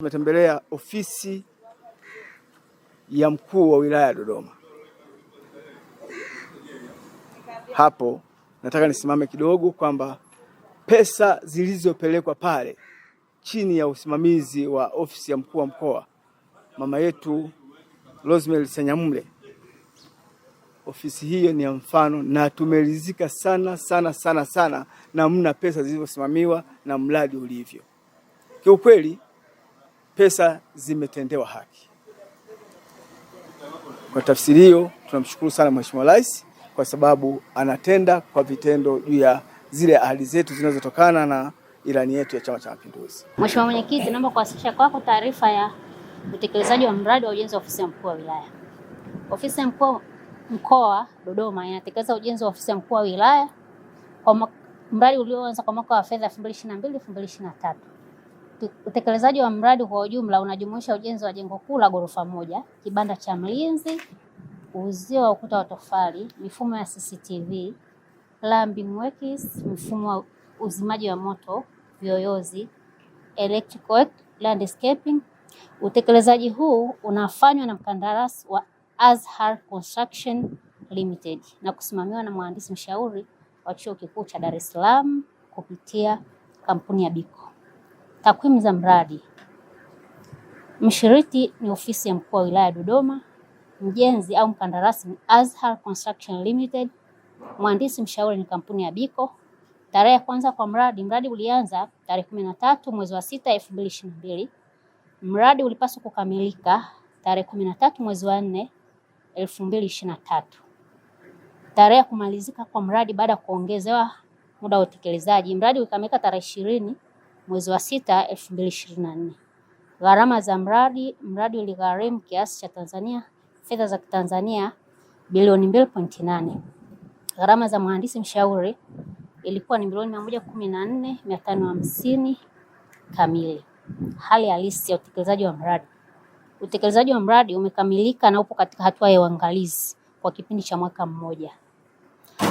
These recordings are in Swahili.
Tumetembelea ofisi ya mkuu wa wilaya ya Dodoma. Hapo nataka nisimame kidogo kwamba pesa zilizopelekwa pale chini ya usimamizi wa ofisi ya mkuu wa mkoa mama yetu Rosemary senyamule ofisi hiyo ni ya mfano na tumeridhika sana sana sana sana namna pesa zilivyosimamiwa na mradi ulivyo kiukweli pesa zimetendewa haki. Kwa tafsiri hiyo, tunamshukuru sana Mheshimiwa Rais kwa sababu anatenda kwa vitendo juu ya zile ahadi zetu zinazotokana na ilani yetu ya Chama cha Mapinduzi. Mheshimiwa Mwenyekiti, naomba kuwasilisha kwako taarifa ya utekelezaji wa mradi wa ujenzi wa ofisi ya mkuu wa wilaya. Ofisi ya mkuu mkoa Dodoma inatekeleza ujenzi wa ofisi ya mkuu wa wilaya kwa mradi ulioanza kwa mwaka wa fedha 2022 2023. Utekelezaji wa mradi kwa ujumla unajumuisha ujenzi wa jengo kuu la ghorofa moja, kibanda cha mlinzi, uzio wa ukuta wa tofali, mifumo ya CCTV, plumbing works, mfumo wa uzimaji wa moto, vyoyozi electrical work, landscaping. Utekelezaji huu unafanywa na mkandarasi wa Azhar Construction Limited na kusimamiwa na mhandisi mshauri wa Chuo Kikuu cha Dar es Salaam kupitia kampuni ya Biko. Takwimu za mradi. Mshiriki ni ofisi ya mkuu wa wilaya Dodoma, mjenzi au mkandarasi ni Azhar Construction Limited, mwandisi mshauri ni kampuni ya Biko. Tarehe ya kwanza kwa mradi, mradi ulianza tarehe kumi na tatu mwezi wa sita elfu mbili ishirini na mbili. Mradi ulipaswa kukamilika tarehe kumi na tatu mwezi wa nne elfu mbili ishirini na tatu. Tarehe ya kumalizika kwa mradi baada ya kuongezewa muda wa utekelezaji, mradi ulikamilika tarehe ishirini mwezi wa sita elfu mbili ishirini na nne. Gharama za mradi. Mradi uligharimu kiasi cha Tanzania fedha za Tanzania bilioni nane. Gharama za mhandisi mshauri ilikuwa ni milioni hamsini kamili. Hali halisi ya utekelezaji wa mradi. Utekelezaji wa mradi umekamilika na upo katika hatua ya uangalizi kwa kipindi cha mwaka mmoja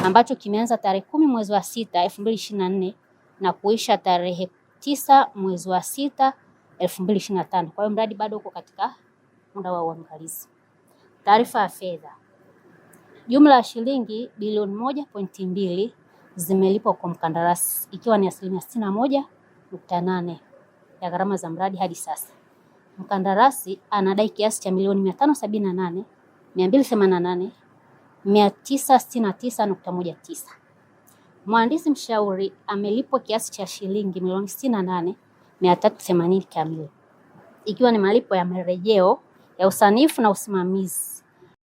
ambacho kimeanza tarehe kumi mwezi wa sita elfu mbili ishirini na nne na kuisha tarehe tisa mwezi wa sita elfu mbili ishirini na tano. Kwa hiyo mradi bado uko katika muda wa uangalizi. Taarifa ya fedha, jumla ya shilingi bilioni moja pointi mbili zimelipwa kwa mkandarasi ikiwa ni asilimia sitini na moja nukta nane ya gharama za mradi hadi sasa. Mkandarasi anadai kiasi cha milioni mia tano sabini na nane mia mbili themanini na nane mia tisa sitini na tisa nukta moja tisa. Mhandisi mshauri amelipwa kiasi cha shilingi milioni sitini na nane mia tatu themanini kamili ikiwa ni malipo ya marejeo ya usanifu na usimamizi